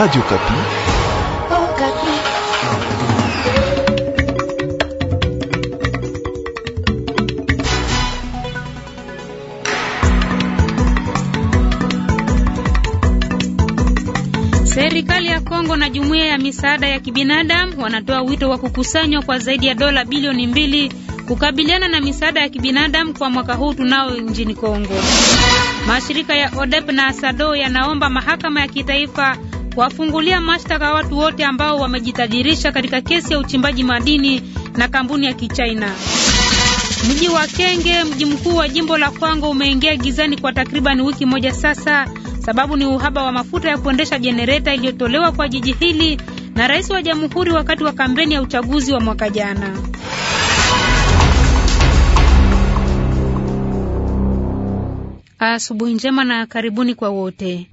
Radio Kapi. Oh, Kapi. Serikali ya Kongo na jumuiya ya misaada ya kibinadamu wanatoa wito wa kukusanywa kwa zaidi ya dola bilioni mbili kukabiliana na misaada ya kibinadamu kwa mwaka huu tunao nchini Kongo. Mashirika ya ODEP na ASADO yanaomba mahakama ya kitaifa kuwafungulia mashtaka watu wote ambao wamejitajirisha katika kesi ya uchimbaji madini na kampuni ya Kichina. Mji wa Kenge, mji mkuu wa jimbo la Kwango, umeingia gizani kwa takriban wiki moja sasa. Sababu ni uhaba wa mafuta ya kuendesha jenereta iliyotolewa kwa jiji hili na rais wa jamhuri wakati wa kampeni ya uchaguzi wa mwaka jana. Asubuhi njema na karibuni kwa wote.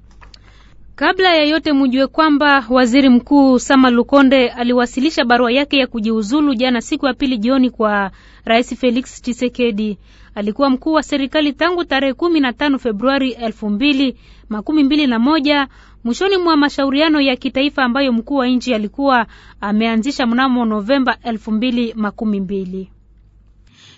Kabla ya yote mujue kwamba waziri mkuu Sama Lukonde aliwasilisha barua yake ya kujiuzulu jana siku ya pili jioni kwa rais Felix Tshisekedi. Alikuwa mkuu wa serikali tangu tarehe 15 Februari 2021 mwishoni mwa mashauriano ya kitaifa ambayo mkuu wa nchi alikuwa ameanzisha mnamo Novemba 2012.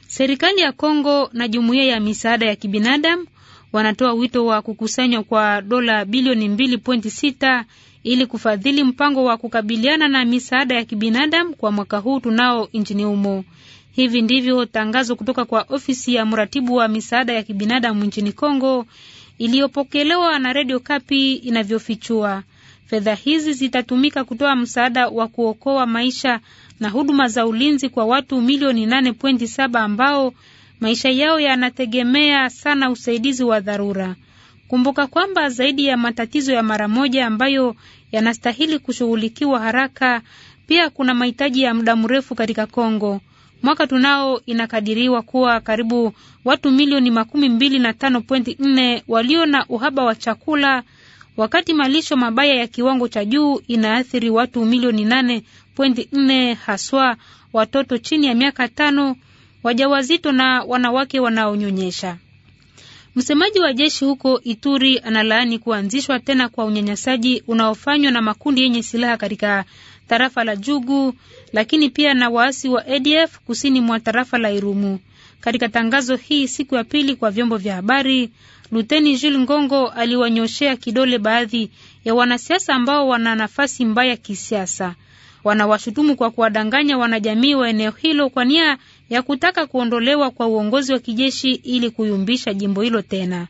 Serikali ya Kongo na jumuiya ya misaada ya kibinadamu wanatoa wito wa kukusanywa kwa dola bilioni 2.6 ili kufadhili mpango wa kukabiliana na misaada ya kibinadamu kwa mwaka huu tunao nchini humo. Hivi ndivyo tangazo kutoka kwa ofisi ya mratibu wa misaada ya kibinadamu nchini Kongo iliyopokelewa na redio Kapi inavyofichua. Fedha hizi zitatumika kutoa msaada wa kuokoa maisha na huduma za ulinzi kwa watu milioni 8.7 ambao maisha yao yanategemea sana usaidizi wa dharura. Kumbuka kwamba zaidi ya matatizo ya mara moja ambayo yanastahili kushughulikiwa haraka, pia kuna mahitaji ya muda mrefu katika Kongo. Mwaka tunao inakadiriwa kuwa karibu watu milioni makumi mbili na tano pointi nne walio na uhaba wa chakula, wakati malisho mabaya ya kiwango cha juu inaathiri watu milioni nane pointi nne haswa watoto chini ya miaka tano wajawazito na wanawake wanaonyonyesha. Msemaji wa jeshi huko Ituri analaani kuanzishwa tena kwa unyanyasaji unaofanywa na makundi yenye silaha katika tarafa la Jugu, lakini pia na waasi wa ADF kusini mwa tarafa la Irumu. Katika tangazo hii siku ya pili kwa vyombo vya habari, Luteni Jules Ngongo aliwanyoshea kidole baadhi ya wanasiasa ambao wana nafasi mbaya kisiasa. Wanawashutumu kwa kuwadanganya wanajamii wa eneo hilo kwa nia ya kutaka kuondolewa kwa uongozi wa kijeshi ili kuyumbisha jimbo hilo tena.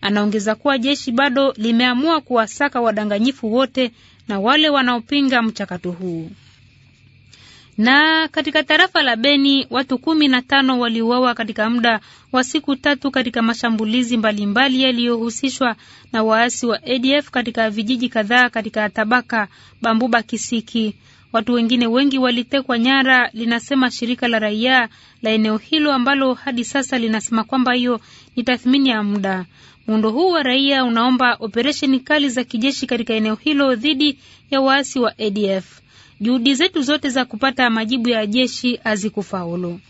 Anaongeza kuwa jeshi bado limeamua kuwasaka wadanganyifu wote na wale wanaopinga mchakato huu. Na katika tarafa la Beni watu kumi na tano waliuawa katika muda wa siku tatu katika mashambulizi mbalimbali yaliyohusishwa na waasi wa ADF katika vijiji kadhaa katika tabaka Bambuba Kisiki. Watu wengine wengi walitekwa nyara, linasema shirika la raia la eneo hilo ambalo hadi sasa linasema kwamba hiyo ni tathmini ya muda. Muundo huu wa raia unaomba operesheni kali za kijeshi katika eneo hilo dhidi ya waasi wa ADF. Juhudi zetu zote za kupata majibu ya jeshi hazikufaulu.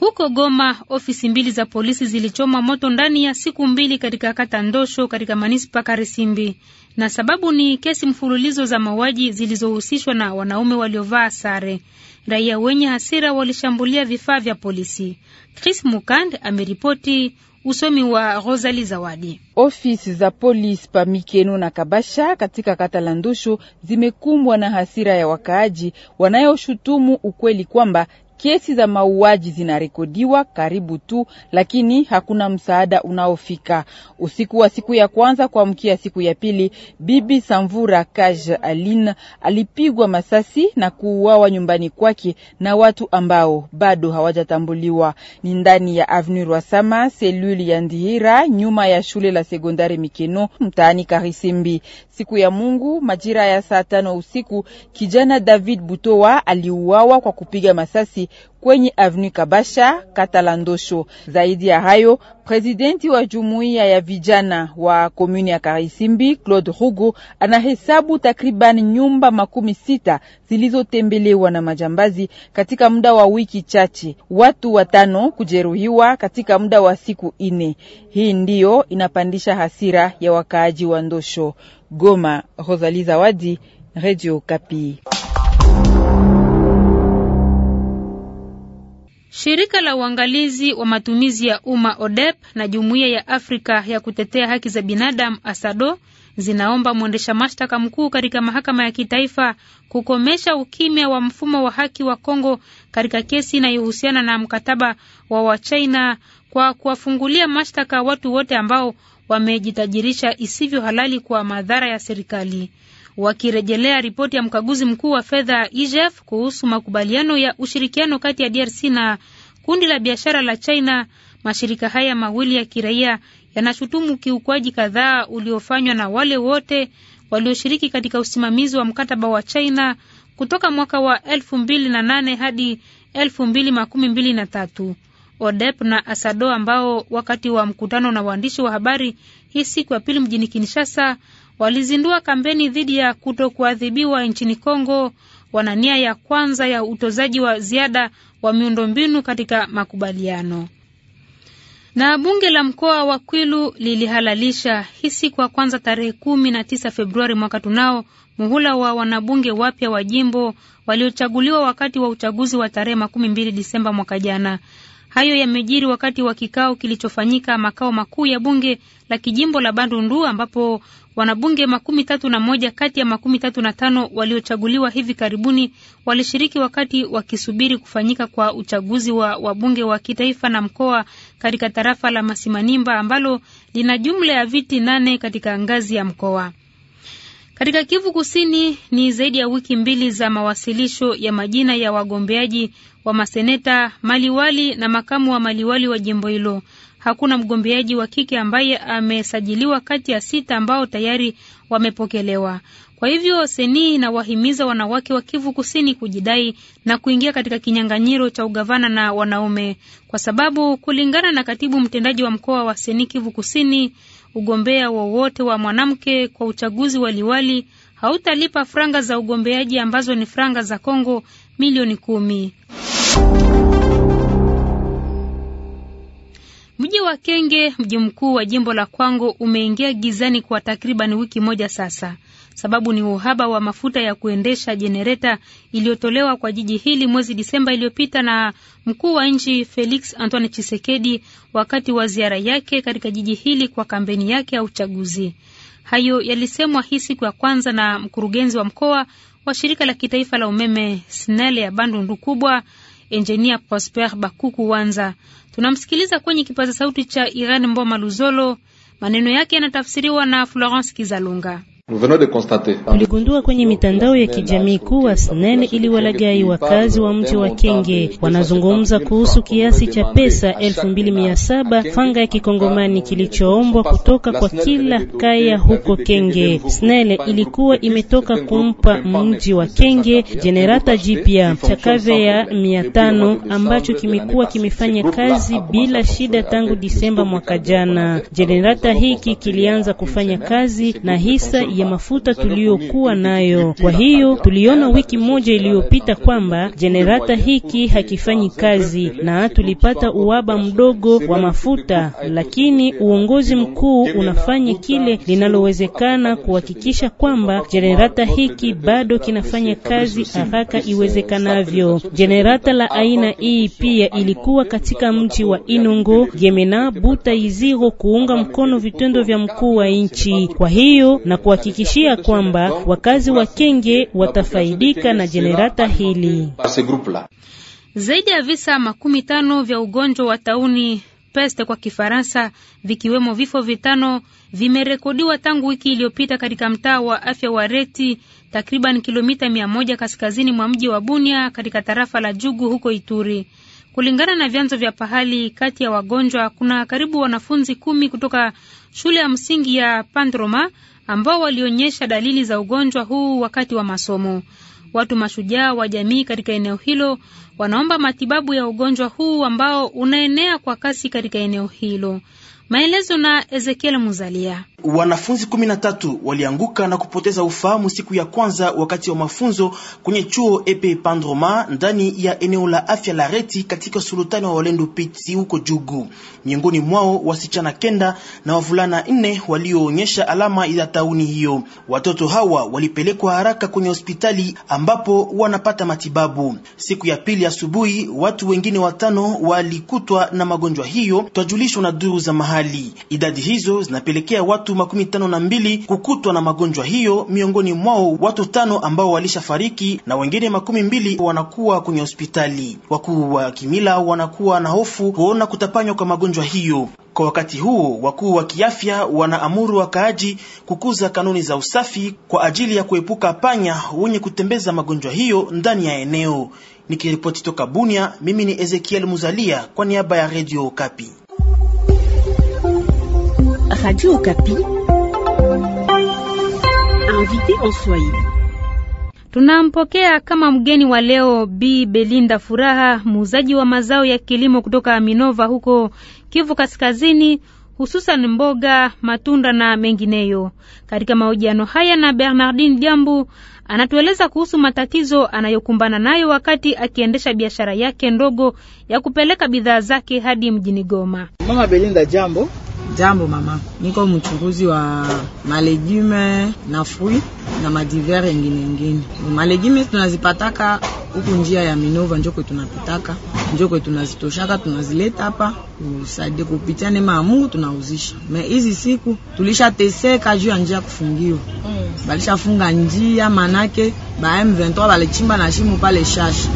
Huko Goma, ofisi mbili za polisi zilichoma moto ndani ya siku mbili katika kata Ndosho katika manispa Karisimbi, na sababu ni kesi mfululizo za mauaji zilizohusishwa na wanaume waliovaa sare. Raia wenye hasira walishambulia vifaa vya polisi. Chris Mukand ameripoti. Usomi wa Rosali Zawadi. Ofisi za polisi pa Mikeno na Kabasha katika kata la Ndushu zimekumbwa na hasira ya wakaaji wanayoshutumu ukweli kwamba Kesi za mauaji zinarekodiwa karibu tu, lakini hakuna msaada unaofika. Usiku wa siku ya kwanza kuamkia siku ya pili, bibi Samvura Kaj Aline alipigwa masasi na kuuawa nyumbani kwake na watu ambao bado hawajatambuliwa. Ni ndani ya Avenue Rwasama, selule ya Ndihira, nyuma ya shule la sekondari Mikeno, mtaani Karisimbi. Siku ya Mungu majira ya saa tano usiku, kijana David Butoa aliuawa kwa kupiga masasi kwenye Avenue Kabasha kata la Ndosho. Zaidi ya hayo, presidenti wa jumuiya ya vijana wa komuni ya Karisimbi Claude Rugo anahesabu takriban nyumba makumi sita zilizotembelewa na majambazi katika muda wa wiki chache, watu watano kujeruhiwa katika muda wa siku ine. Hii ndiyo inapandisha hasira ya wakaaji wa Ndosho. Goma, Rosalie Zawadi, Radio Kapi. Shirika la uangalizi wa matumizi ya umma ODEP na Jumuiya ya Afrika ya kutetea haki za binadamu ASADO zinaomba mwendesha mashtaka mkuu katika mahakama ya kitaifa kukomesha ukimya wa mfumo wa haki wa Kongo katika kesi inayohusiana na mkataba wa Wachina kwa kuwafungulia mashtaka watu wote ambao wamejitajirisha isivyo halali kwa madhara ya serikali wakirejelea ripoti ya mkaguzi mkuu wa fedha IGF kuhusu makubaliano ya ushirikiano kati ya DRC na kundi la biashara la China. Mashirika haya mawili ya kiraia yanashutumu kiukwaji kadhaa uliofanywa na wale wote walioshiriki katika usimamizi wa mkataba wa China kutoka mwaka wa 2008 hadi 2023. ODEP na ASADO ambao wakati wa mkutano na waandishi wa habari hii siku ya pili mjini Kinshasa Walizindua kampeni dhidi ya kutokuadhibiwa nchini Kongo. Wana nia ya kwanza ya utozaji wa ziada wa miundombinu katika makubaliano. Na bunge la mkoa wa Kwilu lilihalalisha hii siku ya kwanza tarehe kumi na tisa Februari mwaka tunao muhula wa wanabunge wapya wa jimbo waliochaguliwa wakati wa uchaguzi wa tarehe makumi mbili Disemba mwaka jana. Hayo yamejiri wakati wa kikao kilichofanyika makao makuu ya bunge la kijimbo la Bandundu ambapo Wanabunge makumi tatu na moja kati ya makumi tatu na tano waliochaguliwa hivi karibuni walishiriki wakati wakisubiri kufanyika kwa uchaguzi wa wabunge wa kitaifa na mkoa katika tarafa la Masimanimba ambalo lina jumla ya viti nane katika ngazi ya mkoa. Katika Kivu Kusini ni zaidi ya wiki mbili za mawasilisho ya majina ya wagombeaji wa maseneta, maliwali na makamu wa maliwali wa jimbo hilo hakuna mgombeaji wa kike ambaye amesajiliwa kati ya sita ambao tayari wamepokelewa. Kwa hivyo Seni inawahimiza wanawake wa Kivu Kusini kujidai na kuingia katika kinyang'anyiro cha ugavana na wanaume, kwa sababu kulingana na katibu mtendaji wa mkoa wa Seni Kivu Kusini, ugombea wowote wa, wa mwanamke kwa uchaguzi wa liwali hautalipa franga za ugombeaji ambazo ni franga za Kongo milioni kumi. Mji wa Kenge, mji mkuu wa jimbo la Kwango, umeingia gizani kwa takriban wiki moja sasa. Sababu ni uhaba wa mafuta ya kuendesha jenereta iliyotolewa kwa jiji hili mwezi Disemba iliyopita na mkuu wa nchi Felix Antoine Chisekedi wakati wa ziara yake katika jiji hili kwa kampeni yake ya uchaguzi. Hayo yalisemwa hii siku ya kwanza na mkurugenzi wa mkoa wa shirika la kitaifa la umeme SNEL ya Bandundu Kubwa, enjinia Prosper Bakuku Wanza. Tunamsikiliza kwenye kipaza sauti cha Irene Mboma Luzolo. Maneno yake yanatafsiriwa na Florence Kizalunga. Tuligundua kwenye mitandao ya kijamii kuwa SNEL iliwalagai wakazi wa mji wa Kenge. Wanazungumza kuhusu kiasi cha pesa 2700 fanga ya kikongomani kilichoombwa kutoka kwa kila kaya huko Kenge. SNEL ilikuwa imetoka kumpa mji wa Kenge jenerata jipya chakave ya tano ambacho kimekuwa kimefanya kazi bila shida tangu Disemba mwaka jana. Jenerata hiki kilianza kufanya kazi na hisa ya mafuta tuliyokuwa nayo. Kwa hiyo tuliona wiki moja iliyopita kwamba jenerata hiki hakifanyi kazi na tulipata uhaba mdogo wa mafuta, lakini uongozi mkuu unafanya kile linalowezekana kuhakikisha kwamba jenerata hiki bado kinafanya kazi haraka iwezekanavyo. Jenerata la aina hii pia ilikuwa katika mji wa Inongo, Gemena, Buta, Iziro kuunga mkono vitendo vya mkuu wa nchi. Kwa hiyo na kuhakikisha kuhakikishia kwamba wakazi wa Kenge watafaidika na jenerata hili. Zaidi ya visa makumi tano vya ugonjwa wa tauni peste kwa Kifaransa, vikiwemo vifo vitano vimerekodiwa tangu wiki iliyopita katika mtaa wa afya wa Reti, takriban kilomita mia moja kaskazini mwa mji wa Bunia katika tarafa la Jugu huko Ituri. Kulingana na vyanzo vya pahali, kati ya wagonjwa kuna karibu wanafunzi kumi kutoka shule ya msingi ya Pandroma ambao walionyesha dalili za ugonjwa huu wakati wa masomo. Watu mashujaa wa jamii katika eneo hilo wanaomba matibabu ya ugonjwa huu ambao unaenea kwa kasi katika eneo hilo. Maelezo na Ezekiel Muzalia. Wanafunzi kumi na tatu walianguka na kupoteza ufahamu siku ya kwanza wakati wa mafunzo kwenye chuo Epe Pandroma ndani ya eneo la afya la Reti katika sultani wa Walendu Piti huko Jugu. Miongoni mwao wasichana kenda na wavulana nne walioonyesha alama ya tauni hiyo. Watoto hawa walipelekwa haraka kwenye hospitali ambapo wanapata matibabu. Siku ya pili asubuhi, watu wengine watano walikutwa na magonjwa hiyo, twajulishwa na duru za mahali. Idadi hizo zinapelekea watu watu makumi tano na mbili kukutwa na magonjwa hiyo, miongoni mwao watu tano ambao walishafariki na wengine makumi mbili wanakuwa kwenye hospitali. Wakuu wa kimila wanakuwa na hofu kuona kutapanywa kwa magonjwa hiyo. Kwa wakati huo, wakuu wa kiafya wanaamuru wakaaji kukuza kanuni za usafi kwa ajili ya kuepuka panya wenye kutembeza magonjwa hiyo ndani ya eneo. Nikiripoti toka Bunia, mimi ni Ezekiel Muzalia kwa niaba ya Radio Kapi. Radio Okapi. Invité en Swahili. Tunampokea kama mgeni wa leo Bi Belinda Furaha, muuzaji wa mazao ya kilimo kutoka Minova huko Kivu Kaskazini, hususan mboga, matunda na mengineyo. Katika mahojiano haya na Bernardine Jambu, anatueleza kuhusu matatizo anayokumbana nayo wakati akiendesha biashara yake ndogo ya kupeleka bidhaa zake hadi mjini Goma. Mama Belinda, jambo. Jambo mama, niko mchunguzi wa malegume na fruit na madiver ingine ingine. Malegume tunazipataka huku njia ya Minova, njoko tunapitaka, njoko tunazitoshaka, tunazileta hapa usaidie kupitia neema ya Mungu tunauzisha. Me hizi siku tulishateseka juu ya njia kufungiwa. Mm. Balishafunga njia manake ba M23 balichimba na shimo pale shashi.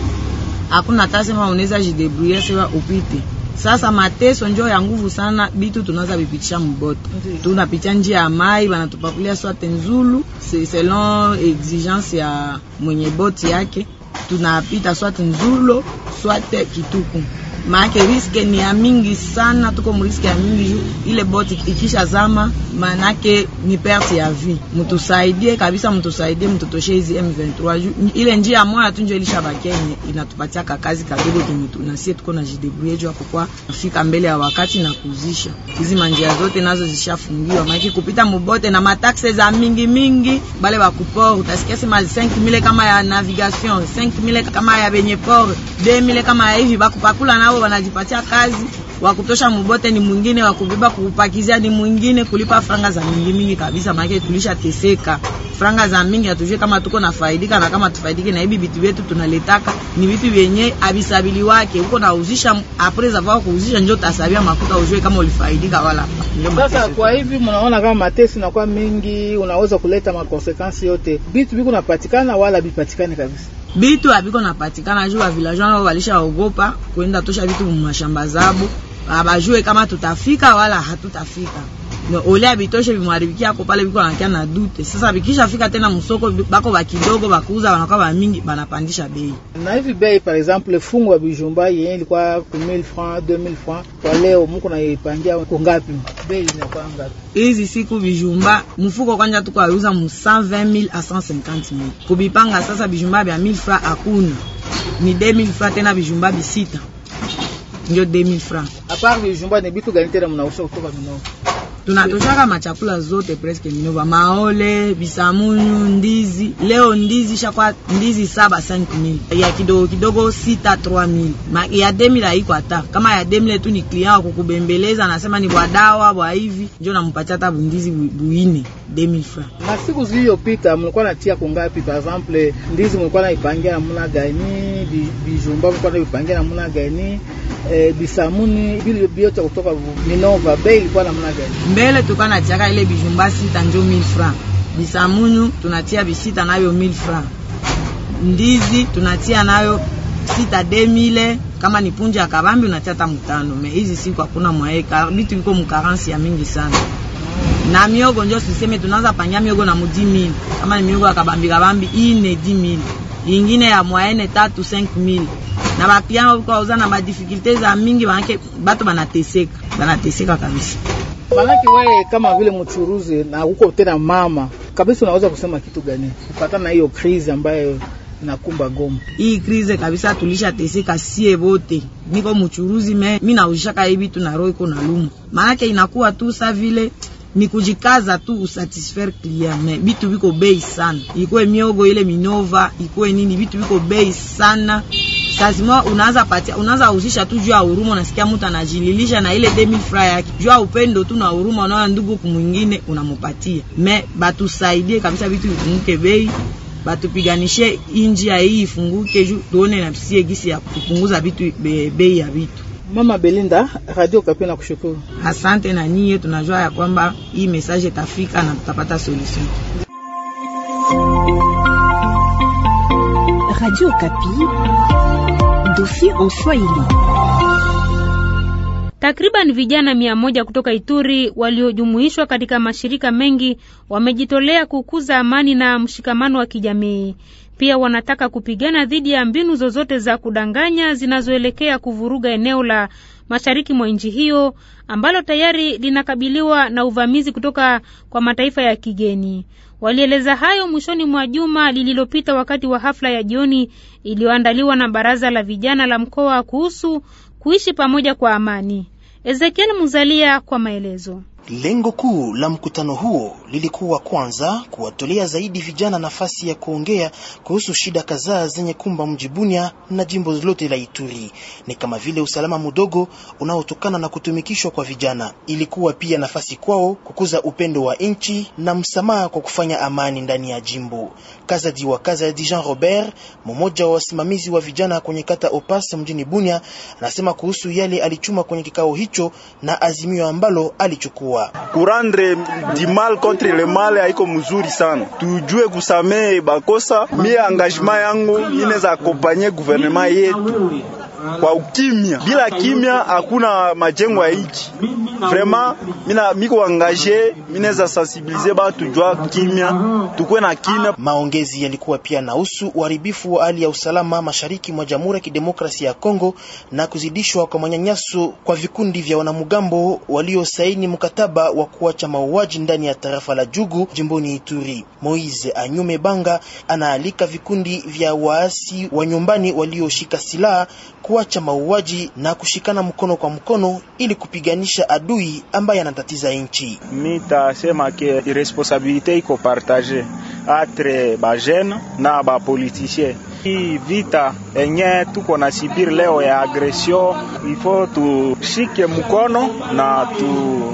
Hakuna tasema unaweza jidebrouiller upite. Sasa mateso njo ya nguvu sana, bitu tunaza bipitisha mboto, tunapitia njia ya mai, banatupakulia swate nzulu selon exigence ya mwenye boti yake, tunapita swate nzulo swate kituku maake riske ni ya mingi sana, tuko mriske ya mingi juu ile boti ikisha zama, maanake ni perte ya vie. Mtusaidie kabisa, mtusaidie, mtutoshe hizi M23 juu ile njia moja tu ndio ilishabakenye inatupatia ka kazi kadogo kenye na sisi tuko na jidebuye juu kwa kufika mbele ya wakati na kuzisha hizi manjia zote nazo zishafungiwa, maanake kupita mubote na mataxe za mingi mingi, bale ba kuport utasikia sema 5000 kama ya navigation 5000 kama ya benye port 2000 kama ya hivi bakupakula na wanajipatia kazi wa kutosha mubote ni mwingine, wa kubeba kupakizia ni mwingine, kulipa franga za mingi mingi kabisa, maana tulisha teseka Franga za mingi hatujui kama tuko na faidika na kama tufaidike na hivi vitu vyetu tunaletaka ni vitu vyenye abisabili wake huko na uzisha apreza vao kuuzisha njoo tasabia makuta ujue kama ulifaidika wala Sasa kwa hivi mnaona kama matesi na kwa mingi unaweza kuleta makonsekansi yote, vitu viko napatikana wala bipatikane kabisa bitu abiko napatikana juu wa vilajoa wao walishaogopa kuenda tosha vitu mu mashamba zabo abajue kama tutafika wala hatutafika. No, ya bitoshe vimwaribikia ako pale biko anakia na dute. Sasa fika tena msoko bako ba kidogo bakuuza wanakuwa ba mingi banapandisha bei. Na hivi bei par exemple fungu ya bijumba yenye ilikuwa 1000 francs, 2000 francs kwa leo mko na ipangia ngapi? Bei inakuwa ngapi? Hizi siku bijumba mfuko kwanja tuko auza mu 120000 a 150000. Kubipanga sasa bijumba bya 1000 francs akuna. Ni 2000 francs tena bijumba bisita ndio 2000 francs. Apart vijumba na bitu gani tena mnaosha kutoka mnono tunatoshaka machakula zote presque Minova, maole, bisamunyu, ndizi. Leo ndizi shakwa ndizi saba 5000 ya kidogo kidogo sita 3000 ya 2000 haiko hata kama ya 2000 tu ni client wa kukubembeleza, anasema ni bwadawa bwa hivi, ndio nampatia hata ndizi buine 2000 francs. Na siku zilizopita mlikuwa natia kungapi? Par exemple ndizi mlikuwa naipangia namna gani? Bijumba mlikuwa naipangia namna gani? Eh, bisamuni, vile vyote kutoka Minova bei ilikuwa namna gani? mbele tuka na tiaka ile bijumba sita njo 1000 francs, bisamunyu tunatia bisita nayo 1000 francs, ndizi tunatia nayo sita demile kama ni punje ya kabambi unatia hata mtano. Me hizi siku hakuna mwaeka bitu viko mkaransi ya mingi sana na miogo njo siseme, tunaanza pangia miogo na mudimili kama ni miogo ya kabambi kabambi ine dimili ingine ya mwaene tatu cinq na bapiano kwa uzana madifikulte za mingi, manake bato banateseka banateseka kabisa. Manake wewe kama vile mchuruzi na uko tena mama kabisa, unaweza kusema kitu gani kufatana na hiyo krizi ambayo nakumba Goma? Hii krize kabisa tulishateseka sie bote, niko mchuruzi me mimi naujishaka hivi tu na roho iko na lumu, manake inakuwa tu sa vile ni kujikaza tu usatisfaire client me bitu biko bei sana, ikuwe miogo ile minova, ikuwe nini, bitu biko bei sana lazima unaanza patia, unaanza uzisha tu juu ya huruma. Unasikia mtu anajililisha na ile demi fra yake juu ya upendo tu na huruma, unaona ndugu kumwingine unamupatia. Me batusaidie kabisa, vitu vifunguke bei, batupiganishe inji ya hii ifunguke juu tuone na tusie gisi ya kupunguza vitu bei ya vitu. Mama Belinda, Radio Kapi na kushukuru. Asante na nyie, tunajua ya kwamba hii message itafika na tutapata solution. Radio Kapi, dossier en Swahili. Takriban vijana mia moja kutoka Ituri waliojumuishwa katika mashirika mengi wamejitolea kukuza amani na mshikamano wa kijamii. Pia wanataka kupigana dhidi ya mbinu zozote za kudanganya zinazoelekea kuvuruga eneo la mashariki mwa nchi hiyo ambalo tayari linakabiliwa na uvamizi kutoka kwa mataifa ya kigeni. Walieleza hayo mwishoni mwa juma lililopita wakati wa hafla ya jioni iliyoandaliwa na baraza la vijana la mkoa kuhusu kuishi pamoja kwa amani. Ezekiel Muzalia kwa maelezo. Lengo kuu la mkutano huo lilikuwa kwanza kuwatolea zaidi vijana nafasi ya kuongea kuhusu shida kadhaa zenye kumba mji Bunia na jimbo lote la Ituri, ni kama vile usalama mdogo unaotokana na kutumikishwa kwa vijana. Ilikuwa pia nafasi kwao kukuza upendo wa nchi na msamaha kwa kufanya amani ndani ya jimbo. Kazadi wa Kazadi Jean Robert, mmoja wa wasimamizi wa vijana kwenye kata Opas mjini Bunia, anasema kuhusu yale alichuma kwenye kikao hicho na azimio ambalo alichukua sawa. Kurandre di mal contre le mal haiko mzuri sana, tujue kusamehe bakosa. Mie engagement yangu ineza akompanye guvernema yetu kwa ukimya. Bila kimya hakuna majengo ya iki. Vraiment mina miko angaje, minaweza sensibiliser batu jua kimya, tukue na kimya. Maongezi yalikuwa pia nahusu uharibifu wa hali ya usalama mashariki mwa Jamhuri ya Kidemokrasia ya Kongo na kuzidishwa kwa manyanyaso kwa vikundi vya wanamgambo waliosaini mkataba wa kuacha mauaji ndani ya tarafa la Jugu jimboni Ituri. Moise Anyume Banga anaalika vikundi vya waasi wa nyumbani walioshika silaha kuacha mauaji na kushikana mkono kwa mkono ili kupiganisha adui ambaye anatatiza nchi. Mitasema ke responsabilite iko partage entre bajene na bapolitisien. Hii vita enye tuko na sibiri leo ya agresio, ifo tushike mkono na tu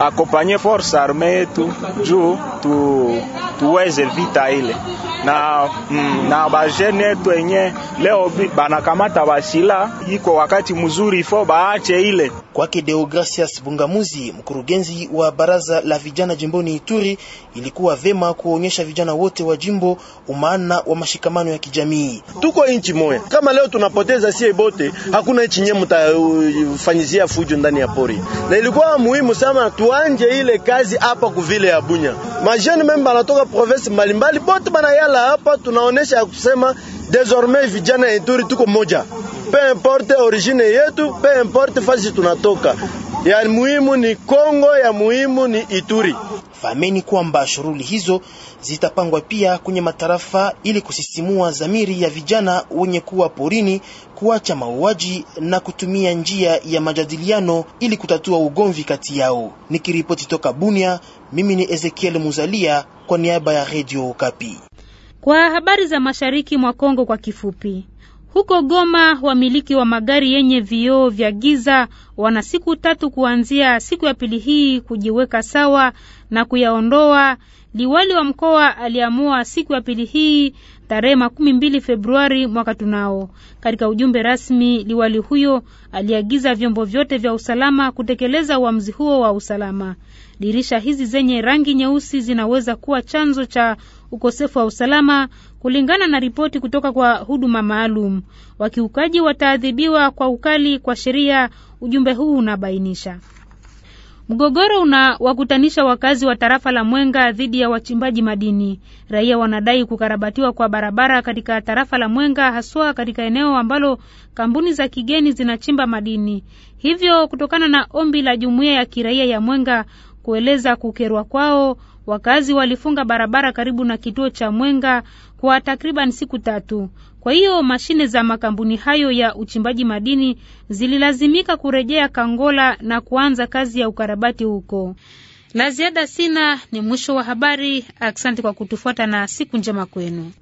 akompanye force arme yetu juu tu, tuweze vita ile na, mm, na bajene yetu enye leo banakamata basila, iko wakati mzuri fo baache ile Kwake Deogracias Bungamuzi, mkurugenzi wa baraza la vijana jimboni Ituri, ilikuwa vema kuonyesha vijana wote wa jimbo umaana wa mashikamano ya kijamii. Tuko inchi moya, kama leo tunapoteza sie bote, hakuna inchi nye mutafanyizia fujo ndani ya pori, na ilikuwa muhimu sana tuanje ile kazi hapa kuvile ya Bunya. Majeni meme banatoka province mbalimbali bote banayala hapa, tunaonesha ya kusema desormais vijana ya Ituri tuko moja pe importe origine yetu, pe importe fasi tunatoka. Ya muhimu ni Kongo, ya muhimu ni Ituri. Fameni kwamba shughuli hizo zitapangwa pia kwenye matarafa ili kusisimua dhamiri ya vijana wenye kuwa porini kuacha mauaji na kutumia njia ya majadiliano ili kutatua ugomvi kati yao. Nikiripoti toka Bunia, mimi ni Ezekiel Muzalia kwa niaba ya Radio Kapi. Kwa habari za mashariki mwa Kongo kwa kifupi. Huko Goma wamiliki wa magari yenye vioo vya giza wana siku tatu kuanzia siku ya pili hii kujiweka sawa na kuyaondoa. Liwali wa mkoa aliamua siku ya pili hii tarehe makumi mbili Februari mwaka tunao. Katika ujumbe rasmi, liwali huyo aliagiza vyombo vyote vya usalama kutekeleza uamuzi huo wa usalama. Dirisha hizi zenye rangi nyeusi zinaweza kuwa chanzo cha ukosefu wa usalama Kulingana na ripoti kutoka kwa huduma maalum, wakiukaji wataadhibiwa kwa ukali kwa sheria, ujumbe huu unabainisha. Mgogoro unawakutanisha wakazi wa tarafa la Mwenga dhidi ya wachimbaji madini. Raia wanadai kukarabatiwa kwa barabara katika tarafa la Mwenga, haswa katika eneo ambalo kampuni za kigeni zinachimba madini. Hivyo, kutokana na ombi la jumuiya ya kiraia ya Mwenga kueleza kukerwa kwao, Wakazi walifunga barabara karibu na kituo cha Mwenga kwa takriban siku tatu. Kwa hiyo mashine za makampuni hayo ya uchimbaji madini zililazimika kurejea Kangola na kuanza kazi ya ukarabati huko. La ziada sina, ni mwisho wa habari. Asante kwa kutufuata na siku njema kwenu.